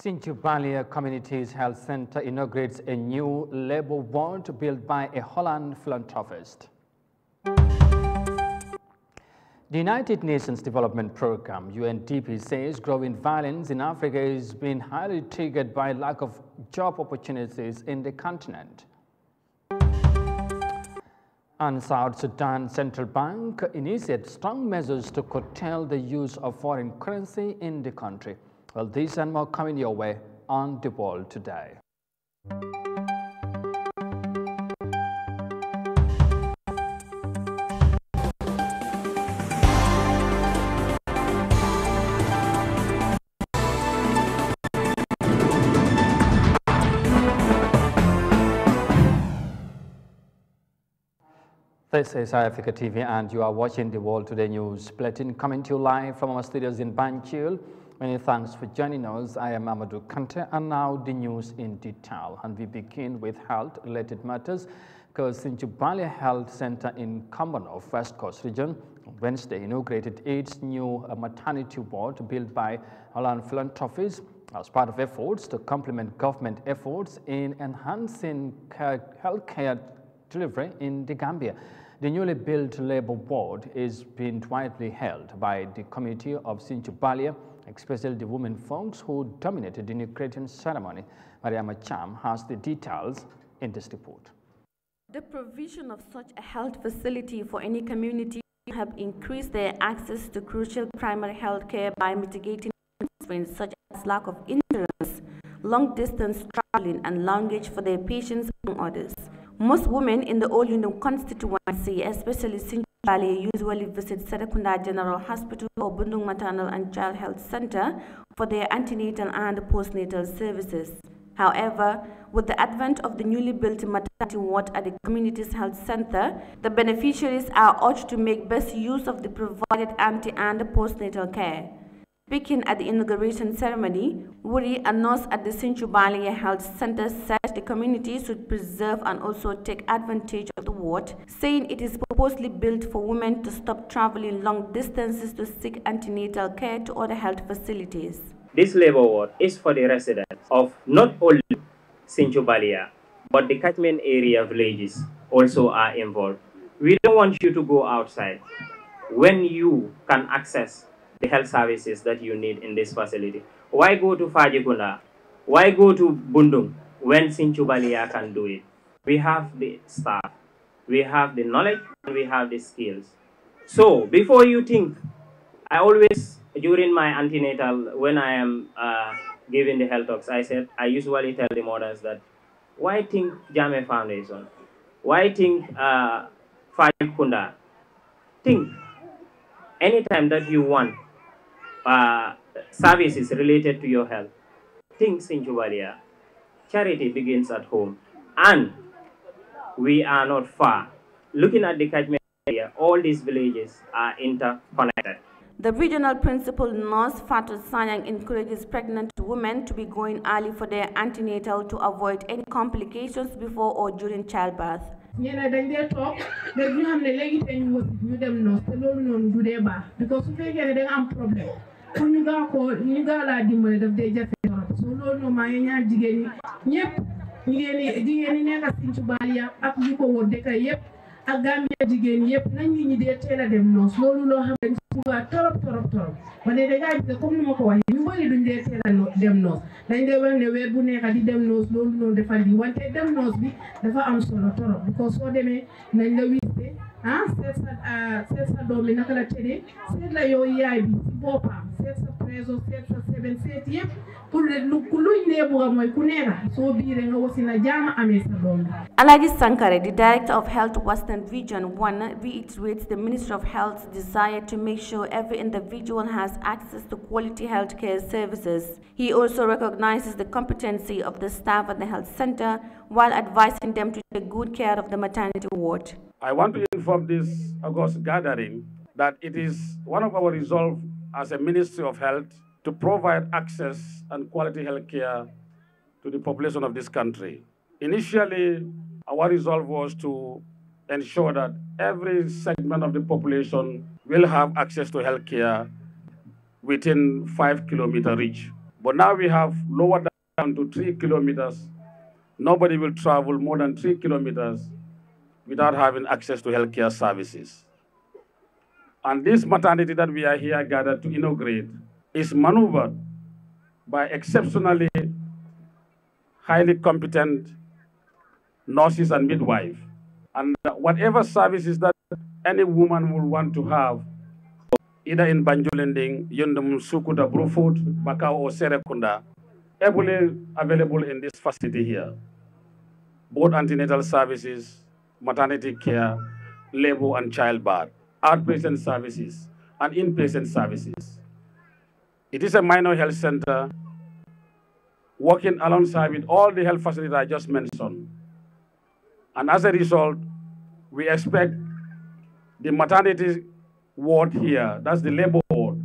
Sinchubalia Communities Health Center inaugurates a new labor ward built by a Holland philanthropist. The United Nations Development Programme, UNDP, says growing violence in Africa is being highly triggered by lack of job opportunities in the continent. And South Sudan Central Bank initiated strong measures to curtail the use of foreign currency in the country. Well, these and more coming your way on The World Today. This is Africa TV and you are watching the World Today News Platin coming to you live from our studios in Banjul. Many thanks for joining us. I am Amadou Kante, and now the news in detail. And we begin with health-related matters because Sinjubali Health Center in Kamanov, West Coast region, Wednesday inaugurated its new uh, maternity ward built by Holland Philanthropies as part of efforts to complement government efforts in enhancing healthcare delivery in the Gambia. The newly built labor ward is being widely held by the committee of Sinjubalia especially the women folks who dominated the creation ceremony. Mariama Cham has the details in this report. The provision of such a health facility for any community have increased their access to crucial primary health care by mitigating such as lack of insurance, long distance traveling, and language for their patients, and others. Most women in the Old Union constituency, especially since Bali usually visits Serekunda General Hospital or Bundung Maternal and Child Health Center for their antenatal and postnatal services. However, with the advent of the newly built maternity ward at the Community's Health Center, the beneficiaries are urged to make best use of the provided anti and postnatal care. Speaking at the inauguration ceremony, Wuri announced at the Central Bali Health Center said the community should preserve and also take advantage of the ward, saying it is purposely built for women to stop traveling long distances to seek antenatal care to other health facilities. This labor ward is for the residents of not only Central Bali, but the catchment area villages also are involved. We don't want you to go outside when you can access the health services that you need in this facility. Why go to Fajikunda? Why go to Bundung when Sinchubalia can do it? We have the staff, we have the knowledge, and we have the skills. So before you think, I always, during my antenatal, when I am uh, giving the health talks, I said, I usually tell the mothers that, why think Jame Foundation? Why think uh, Fajikunda? Think anytime that you want uh, services related to your health. Things in Jubalia. Charity begins at home. And we are not far. Looking at the catchment area, all these villages are interconnected. The regional principal nurse Fatou Sanyang encourages pregnant women to be going early for their antenatal to avoid any complications before or during childbirth. because pour ñu gaaw koo ñu gaaw laa dimbale daf dee jafe trop so loolu noonu maa ngi ñaan jigéen ñi ñëpp jigéen ñi jigéen ñi nekk Sinthiou Banyan ak li ko wër dëkk yëpp ak Gambia jigéen yëpp nañ ñi ñi dee teel a dem loo xam ne buga torop torop torop wane da ngaa gis ko waxee ñu bëri duñ dee teel a dem noos dañ dee ne weer bu nekk di dem noos loolu noonu dafa lii wante dem noos bi dafa am solo torop because soo demee nañ la wiise ah Sankare, the Director of Health Western Region 1, reiterates the Ministry of Health's desire to make sure every individual has access to quality healthcare services. He also recognizes the competency of the staff at the health center while advising them to take good care of the maternity ward. I want to inform this August gathering that it is one of our resolve as a Ministry of Health to provide access and quality health care to the population of this country. Initially, our resolve was to ensure that every segment of the population will have access to health care within five kilometer reach. But now we have lowered that down to three kilometers. Nobody will travel more than three kilometers without having access to healthcare services. And this maternity that we are here gathered to inaugurate is maneuvered by exceptionally highly competent nurses and midwives. And whatever services that any woman will want to have, either in Banjulending, Yundum, Sukuta, Brufut, Macau, or Serekunda, everything available in this facility here. Both antenatal services, maternity care, labor and childbirth, outpatient services, and inpatient services. It is a minor health center working alongside with all the health facilities I just mentioned. And as a result, we expect the maternity ward here, that's the labor ward,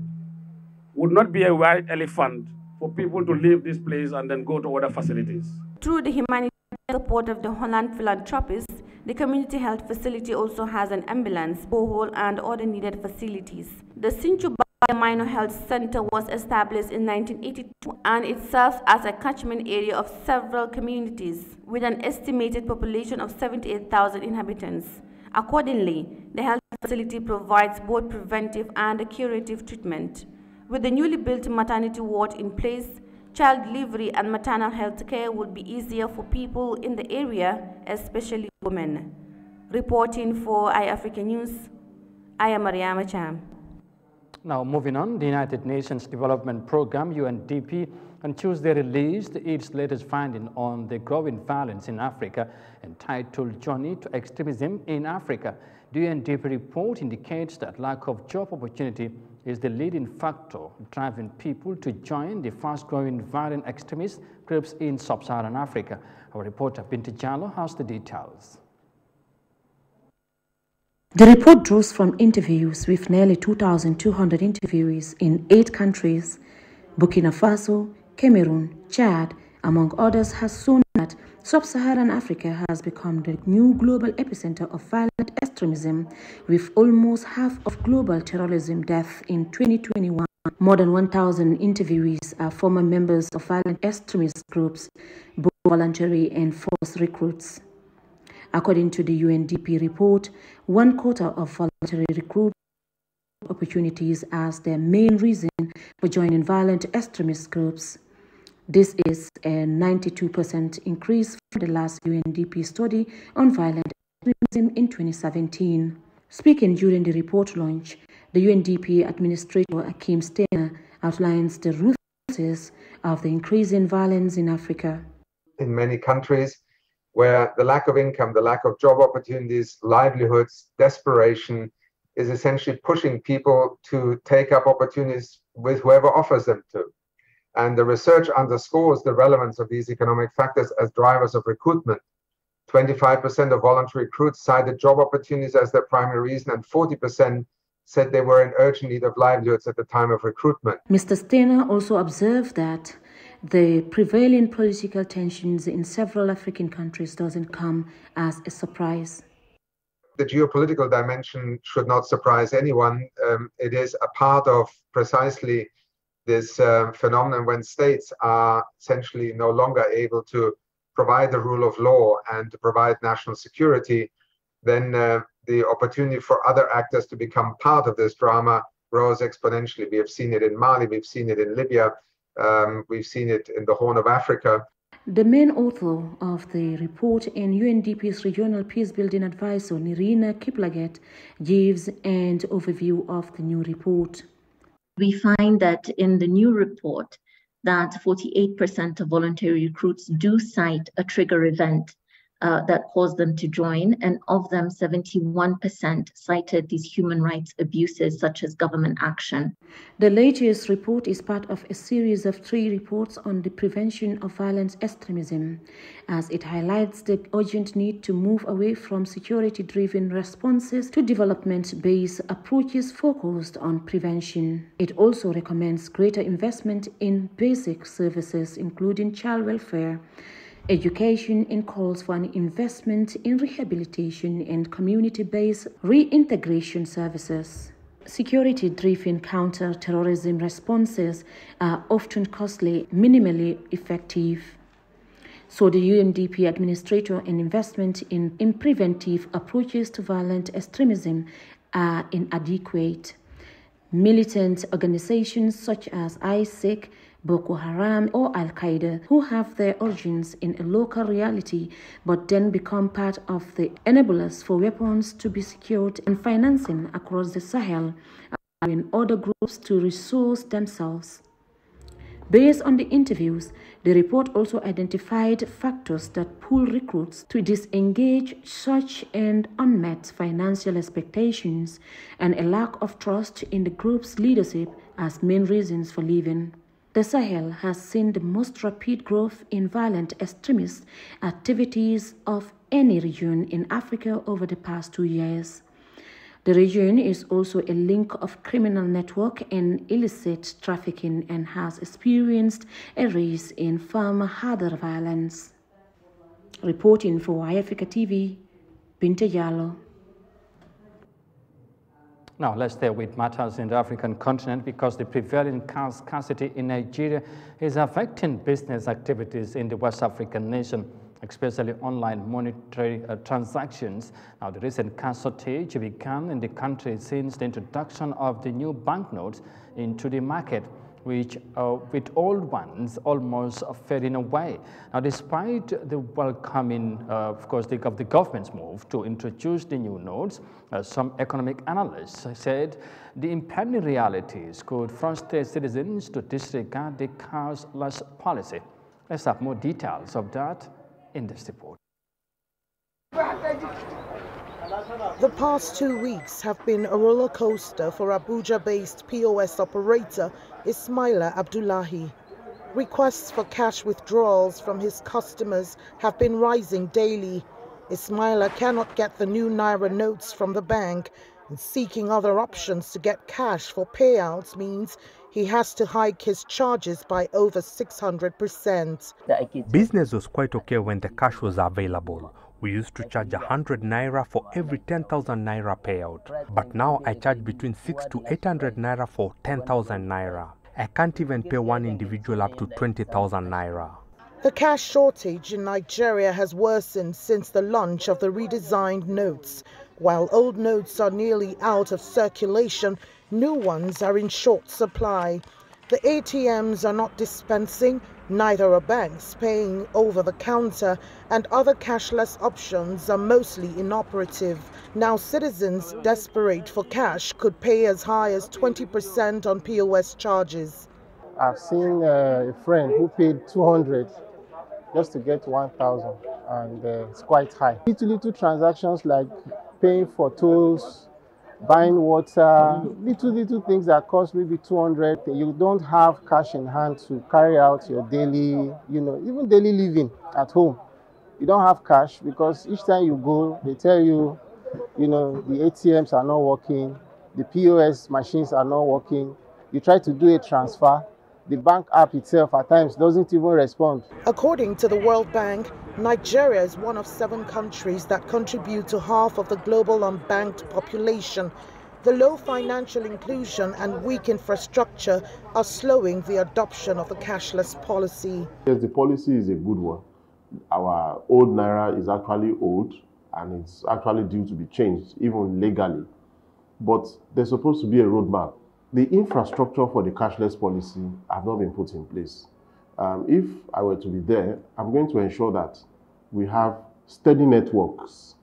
would not be a white elephant for people to leave this place and then go to other facilities. Through the humanitarian support of the Holland philanthropists, the community health facility also has an ambulance, borehole, and other needed facilities. The Sinchu Minor Health Center was established in 1982 and it serves as a catchment area of several communities with an estimated population of 78,000 inhabitants. Accordingly, the health facility provides both preventive and curative treatment. With the newly built maternity ward in place, child delivery and maternal health care would be easier for people in the area, especially women. Reporting for iAfrica News, I am Mariama Cham. Now moving on, the United Nations Development Programme, UNDP, on Tuesday released its latest finding on the growing violence in Africa entitled Journey to Extremism in Africa. The UNDP report indicates that lack of job opportunity is the leading factor driving people to join the fast-growing violent extremist groups in sub-Saharan Africa. Our reporter Binti Jalo has the details. The report draws from interviews with nearly 2,200 interviewees in eight countries, Burkina Faso, Cameroon, Chad, among others, has shown that sub-Saharan Africa has become the new global epicenter of violent extremism, with almost half of global terrorism deaths in 2021. More than 1,000 interviewees are former members of violent extremist groups, both voluntary and forced recruits. According to the UNDP report, one quarter of voluntary recruit opportunities as their main reason for joining violent extremist groups. This is a 92% increase from the last UNDP study on violent extremism in 2017. Speaking during the report launch, the UNDP Administrator Akim Steiner outlines the root causes of the increase in violence in Africa. In many countries, where the lack of income, the lack of job opportunities, livelihoods, desperation is essentially pushing people to take up opportunities with whoever offers them to. And the research underscores the relevance of these economic factors as drivers of recruitment. 25% of voluntary recruits cited job opportunities as their primary reason, and 40% said they were in urgent need of livelihoods at the time of recruitment. Mr. Steiner also observed that the prevailing political tensions in several African countries doesn't come as a surprise. The geopolitical dimension should not surprise anyone. Um, it is a part of precisely this uh, phenomenon when states are essentially no longer able to provide the rule of law and to provide national security, then uh, the opportunity for other actors to become part of this drama grows exponentially. We have seen it in Mali, we've seen it in Libya, um, we've seen it in the Horn of Africa. The main author of the report and UNDP's regional peacebuilding advisor, Nirina Kiplagat, gives an overview of the new report we find that in the new report that 48% of voluntary recruits do cite a trigger event uh, that caused them to join, and of them, 71% cited these human rights abuses, such as government action. The latest report is part of a series of three reports on the prevention of violent extremism, as it highlights the urgent need to move away from security driven responses to development based approaches focused on prevention. It also recommends greater investment in basic services, including child welfare education, and calls for an investment in rehabilitation and community based reintegration services. Security driven counter terrorism responses are often costly, minimally effective. So, the UNDP Administrator and investment in, in preventive approaches to violent extremism are inadequate. Militant organizations such as ISIC Boko Haram, or Al Qaeda, who have their origins in a local reality but then become part of the enablers for weapons to be secured and financing across the Sahel, allowing other groups to resource themselves. Based on the interviews, the report also identified factors that pull recruits to disengage such and unmet financial expectations and a lack of trust in the group's leadership as main reasons for leaving. The Sahel has seen the most rapid growth in violent extremist activities of any region in Africa over the past two years. The region is also a link of criminal network and illicit trafficking and has experienced a rise in farmer harder violence. Reporting for Africa TV, Binta Yalo. Now, let's deal with matters in the African continent because the prevailing scarcity in Nigeria is affecting business activities in the West African nation especially online monetary uh, transactions. Now, the recent cash shortage began in the country since the introduction of the new banknotes into the market which uh, with old ones almost fading away. Now, despite the welcoming, uh, of course, the, of the government's move to introduce the new notes, uh, some economic analysts said the impending realities could frustrate citizens to disregard the cashless policy. Let's have more details of that in this report. The past two weeks have been a roller coaster for Abuja based POS operator Ismaila Abdullahi. Requests for cash withdrawals from his customers have been rising daily. Ismaila cannot get the new Naira notes from the bank, and seeking other options to get cash for payouts means he has to hike his charges by over 600%. Business was quite okay when the cash was available. We used to charge 100 naira for every 10,000 naira payout, but now I charge between 6 to 800 naira for 10,000 naira. I can't even pay one individual up to 20,000 naira. The cash shortage in Nigeria has worsened since the launch of the redesigned notes. While old notes are nearly out of circulation, new ones are in short supply. The ATMs are not dispensing, neither are banks. Paying over the counter and other cashless options are mostly inoperative. Now, citizens desperate for cash could pay as high as 20% on POS charges. I've seen uh, a friend who paid 200 just to get 1,000, and uh, it's quite high. Little, little transactions like paying for tools. buying water, mm-hmm. little, little things that cost maybe 200. You don't have cash in hand to carry out your daily, you know, even daily living at home. You don't have cash because each time you go, they tell you, you know, the ATMs are not working, the POS machines are not working. You try to do a transfer, the bank app itself at times doesn't even respond. According to the World Bank, Nigeria is one of seven countries that contribute to half of the global unbanked population. The low financial inclusion and weak infrastructure are slowing the adoption of the cashless policy. Yes, the policy is a good one. Our old Naira is actually old and it's actually due to be changed, even legally. But there's supposed to be a roadmap the infrastructure for the cashless policy have not been put in place. Um, if I were to be there, I'm going to ensure that we have steady networks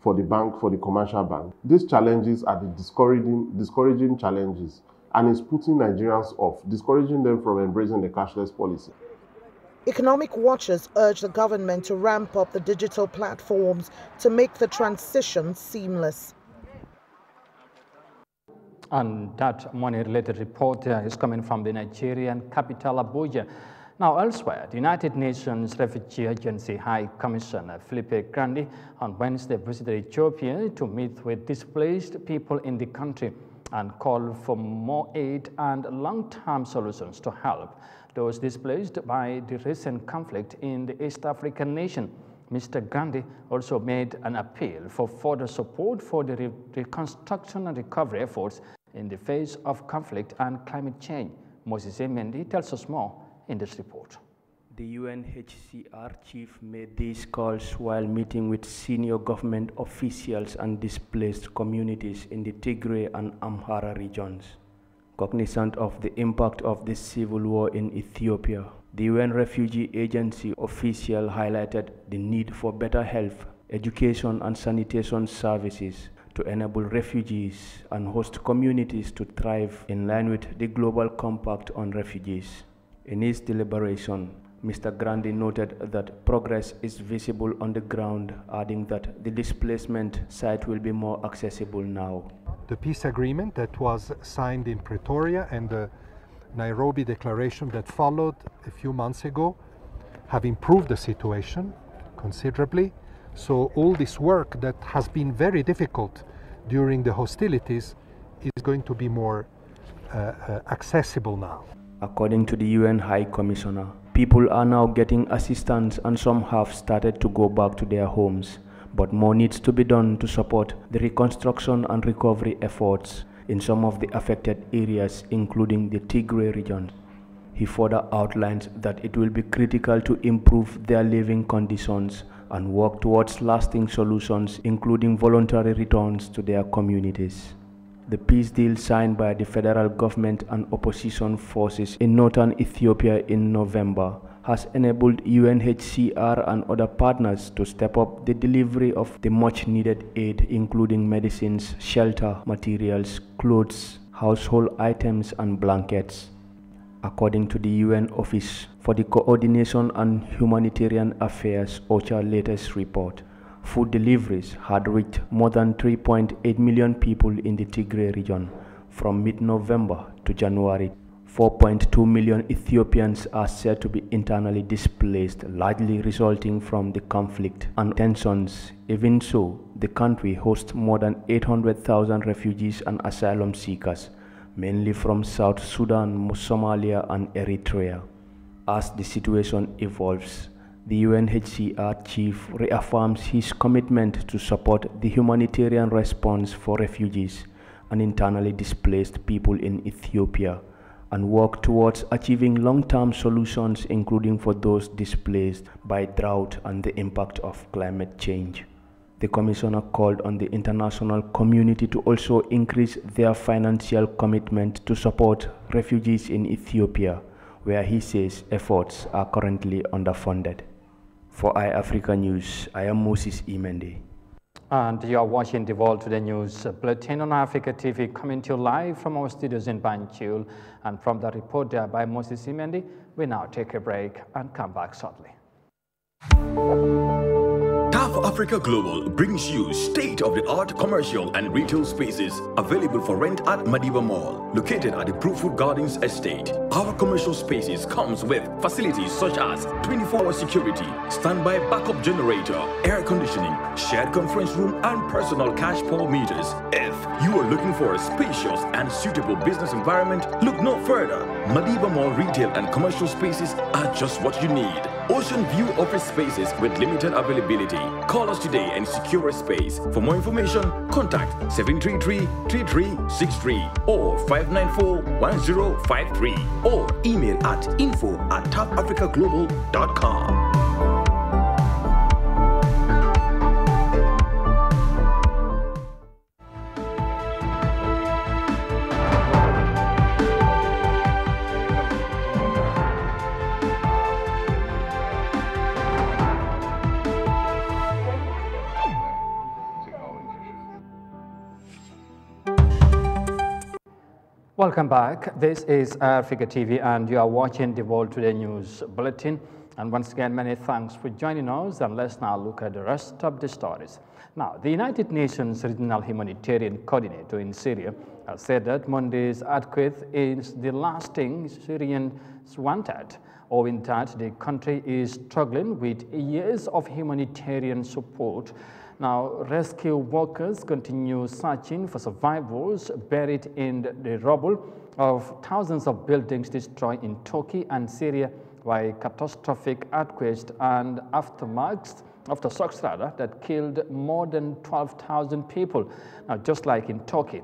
for the bank, for the commercial bank. These challenges are the discouraging, discouraging challenges and it's putting Nigerians off, discouraging them from embracing the cashless policy. Economic watchers urge the government to ramp up the digital platforms to make the transition seamless. And that money-related report uh, is coming from the Nigerian capital, Abuja. Now, elsewhere, the United Nations Refugee Agency High Commissioner Philippe Grandi on Wednesday visited Ethiopia to meet with displaced people in the country and call for more aid and long-term solutions to help those displaced by the recent conflict in the East African nation. Mr. Gandhi also made an appeal for further support for the reconstruction and recovery efforts in the face of conflict and climate change. Moses Mendy tells us more in this report. The UNHCR chief made these calls while meeting with senior government officials and displaced communities in the Tigray and Amhara regions. Cognizant of the impact of the civil war in Ethiopia, the UN Refugee Agency official highlighted the need for better health, education, and sanitation services to enable refugees and host communities to thrive in line with the Global Compact on Refugees. In his deliberation, Mr. Grandi noted that progress is visible on the ground, adding that the displacement site will be more accessible now. The peace agreement that was signed in Pretoria and the Nairobi declaration that followed a few months ago have improved the situation considerably. So all this work that has been very difficult during the hostilities is going to be more uh, uh, accessible now. According to the UN High Commissioner, people are now getting assistance and some have started to go back to their homes. But more needs to be done to support the reconstruction and recovery efforts in some of the affected areas, including the Tigray region. He further outlines that it will be critical to improve their living conditions and work towards lasting solutions, including voluntary returns to their communities. The peace deal signed by the federal government and opposition forces in northern Ethiopia in November has enabled UNHCR and other partners to step up the delivery of the much needed aid, including medicines, shelter, materials, clothes, household items, and blankets. According to the UN Office for the Coordination and Humanitarian Affairs OCHA latest report, food deliveries had reached more than 3.8 million people in the Tigray region from mid-November to January. 4.2 million Ethiopians are said to be internally displaced, largely resulting from the conflict and tensions. Even so, the country hosts more than 800,000 refugees and asylum seekers, mainly from South Sudan, Somalia, and Eritrea as the situation evolves. The UNHCR chief reaffirms his commitment to support the humanitarian response for refugees and internally displaced people in Ethiopia and work towards achieving long-term solutions including for those displaced by drought and the impact of climate change. The Commissioner called on the international community to also increase their financial commitment to support refugees in Ethiopia where he says efforts are currently underfunded. For iAfrica News, I am Moses Imende. And you are watching the World Today News Bulletin on Africa TV coming to you live from our studios in Banjul. And from the report there by Moses Imendi, we now take a break and come back shortly. Africa Global brings you state-of-the-art commercial and retail spaces available for rent at Madiba Mall, located at the Proofwood Gardens Estate. Our commercial spaces comes with facilities such as 24-hour security, standby backup generator, air conditioning, shared conference room, and personal cash pool meters. If you are looking for a spacious and suitable business environment, look no further. Madiba Mall retail and commercial spaces are just what you need. Ocean View office spaces with limited availability. Call us today and secure a space. For more information, contact 733-3363 or 594-1053 or email at info at tapafricaglobal.com. Welcome back. This is Africa TV, and you are watching the World Today News Bulletin. And once again, many thanks for joining us, and let's now look at the rest of the stories. Now, the United Nations Regional Humanitarian Coordinator in Syria said that Monday's earthquake is the last thing Syrians wanted owing that the country is struggling with years of humanitarian support. Now, rescue workers continue searching for survivors buried in the rubble of thousands of buildings destroyed in Turkey and Syria by catastrophic earthquakes and aftermaths after shocks rather, that killed more than 12,000 people. Now, just like in Turkey,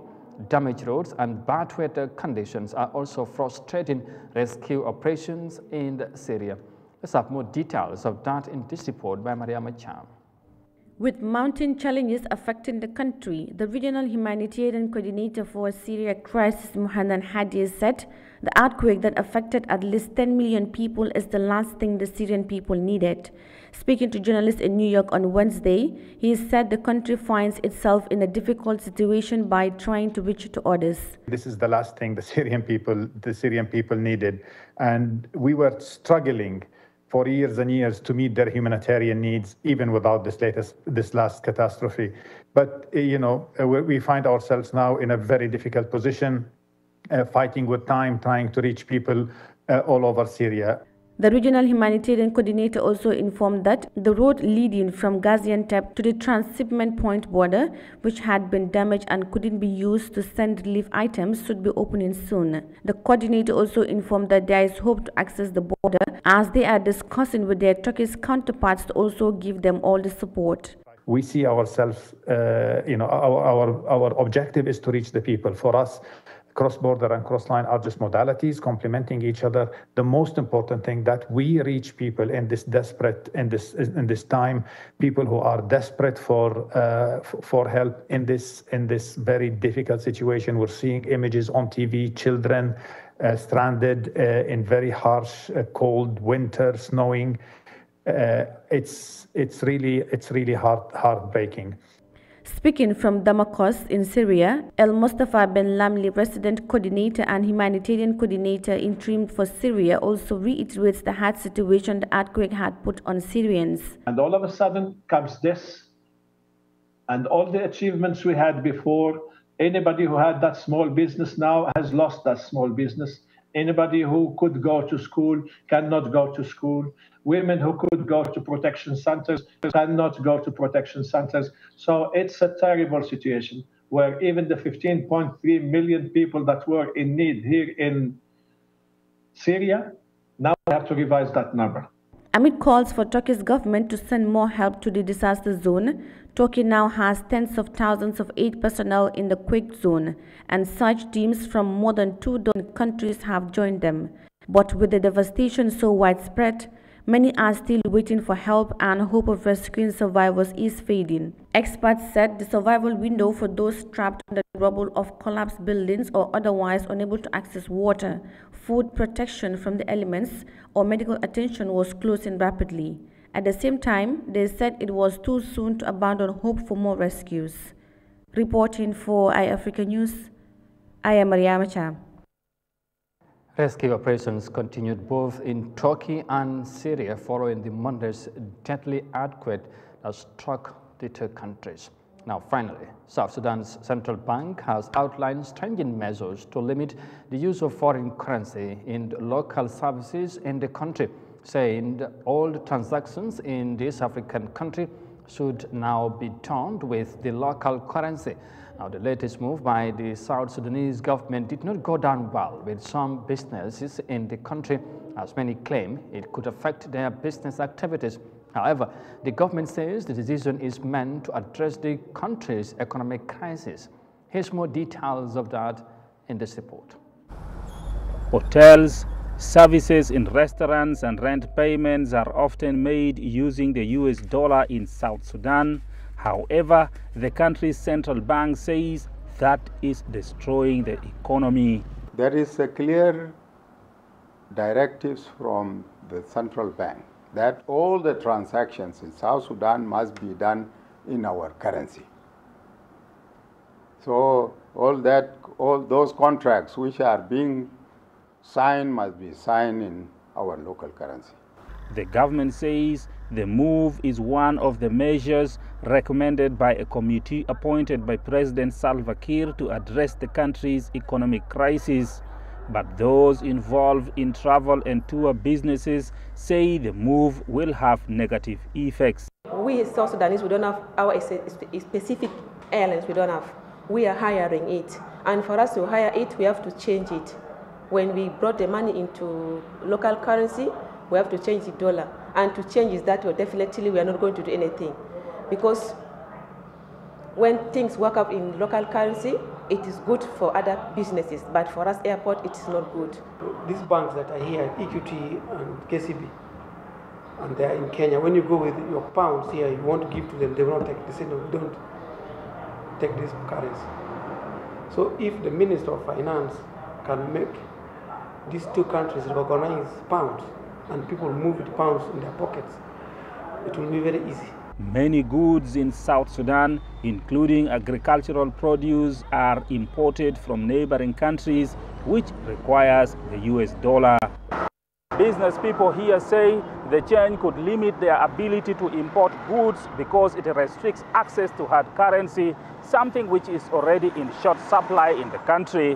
damaged roads and bad weather conditions are also frustrating rescue operations in Syria. Let's have more details of that in this report by Maria Macham. With mountain challenges affecting the country, the regional humanitarian coordinator for Syria crisis, Muhammad Hadi, said the earthquake that affected at least 10 million people is the last thing the Syrian people needed. Speaking to journalists in New York on Wednesday, he said the country finds itself in a difficult situation by trying to reach to others. This is the last thing the Syrian people, the Syrian people needed, and we were struggling for years and years to meet their humanitarian needs, even without this latest, this last catastrophe. But eh, you know, eh, we find ourselves now in a very difficult position, uh, fighting with time, trying to reach people uh, all over Syria. The regional humanitarian coordinator also informed that the road leading from Gaziantep to the transshipment point border, which had been damaged and couldn't be used to send relief items, should be opening soon. The coordinator also informed that there is hope to access the border as they are discussing with their Turkish counterparts to also give them all the support we see ourselves, uh, you know, our, our, our objective is to reach the people. For us, cross-border and cross-line are just modalities complementing each other. The most important thing that we reach people in this desperate in this in this time, people who are desperate for uh, for help in this in this very difficult situation. We're seeing images on TV, children uh, stranded uh, in very harsh, uh, cold winter, snowing. Uh, it's it's really it's really heart heartbreaking. Speaking from Damascus in Syria, El Mustafa Ben Lamli, resident coordinator and humanitarian coordinator in interim for Syria, also reiterates the hard situation the earthquake had put on Syrians. And all of a sudden comes this, and all the achievements we had before. Anybody who had that small business now has lost that small business. Anybody who could go to school cannot go to school. Women who could go to protection centers cannot go to protection centers. So it's a terrible situation where even the 15.3 million people that were in need here in Syria, now we have to revise that number. Amid calls for Turkey's government to send more help to the disaster zone, Turkey now has tens of thousands of aid personnel in the quake zone, and such teams from more than two dozen countries have joined them. But with the devastation so widespread, many are still waiting for help and hope of rescuing survivors is fading. Experts said the survival window for those trapped under the rubble of collapsed buildings or otherwise unable to access water, food protection from the elements, or medical attention was closing rapidly. At the same time, they said it was too soon to abandon hope for more rescues. Reporting for iAfrica News, I am Mariam Cham. Rescue operations continued both in Turkey and Syria following the Monday's deadly earthquake that struck the two countries. Now, finally, South Sudan's central bank has outlined stringent measures to limit the use of foreign currency in local services in the country, saying all transactions in this African country should now be done with the local currency. Now, the latest move by the South Sudanese government did not go down well with some businesses in the country, as many claim it could affect their business activities. However, the government says the decision is meant to address the country's economic crisis. Here's more details of that in this report. Hotels, services in restaurants and rent payments are often made using the US dollar in South Sudan. However, the country's central bank says that is destroying the economy. There is a clear directives from the central bank that all the transactions in South Sudan must be done in our currency. So all that, all those contracts which are being signed must be signed in our local currency. The government says the move is one of the measures recommended by a committee appointed by President Salva Kiir to address the country's economic crisis but those involved in travel and tour businesses say the move will have negative effects. We as South Sudanese, we don't have our specific airlines, we don't have. We are hiring it. And for us to hire it, we have to change it. When we brought the money into local currency, we have to change the dollar. And to change is that, well, definitely we are not going to do anything. Because when things work up in local currency, it is good for other businesses, but for us airport, it is not good. These banks that are here, EQT and KCB, and they are in Kenya, when you go with your pounds here, you want to give to them, they will not take, they say, no, don't take this currency. So if the Minister of Finance can make these two countries recognize pounds and people move the pounds in their pockets, it will be very easy. Many goods in South Sudan, including agricultural produce, are imported from neighboring countries, which requires the US dollar. Business people here say the change could limit their ability to import goods because it restricts access to hard currency, something which is already in short supply in the country.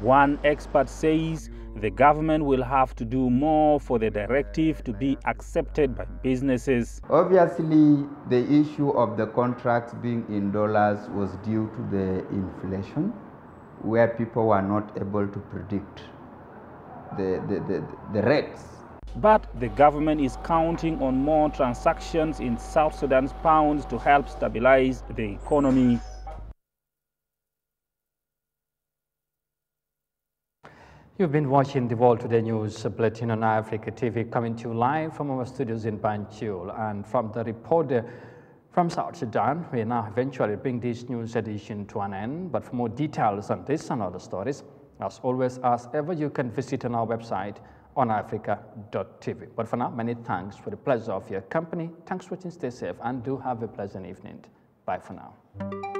One expert says the government will have to do more for the directive to be accepted by businesses. Obviously, the issue of the contracts being in dollars was due to the inflation, where people were not able to predict the, the, the, the rates. But the government is counting on more transactions in South Sudan's pounds to help stabilize the economy. You've been watching the World Today News Bulletin on Africa TV coming to you live from our studios in Banjul and from the reporter from South Sudan. We now eventually bring this news edition to an end, but for more details on this and other stories, as always, as ever, you can visit on our website on africa.tv. But for now, many thanks for the pleasure of your company. Thanks for watching. Stay safe and do have a pleasant evening. Bye for now.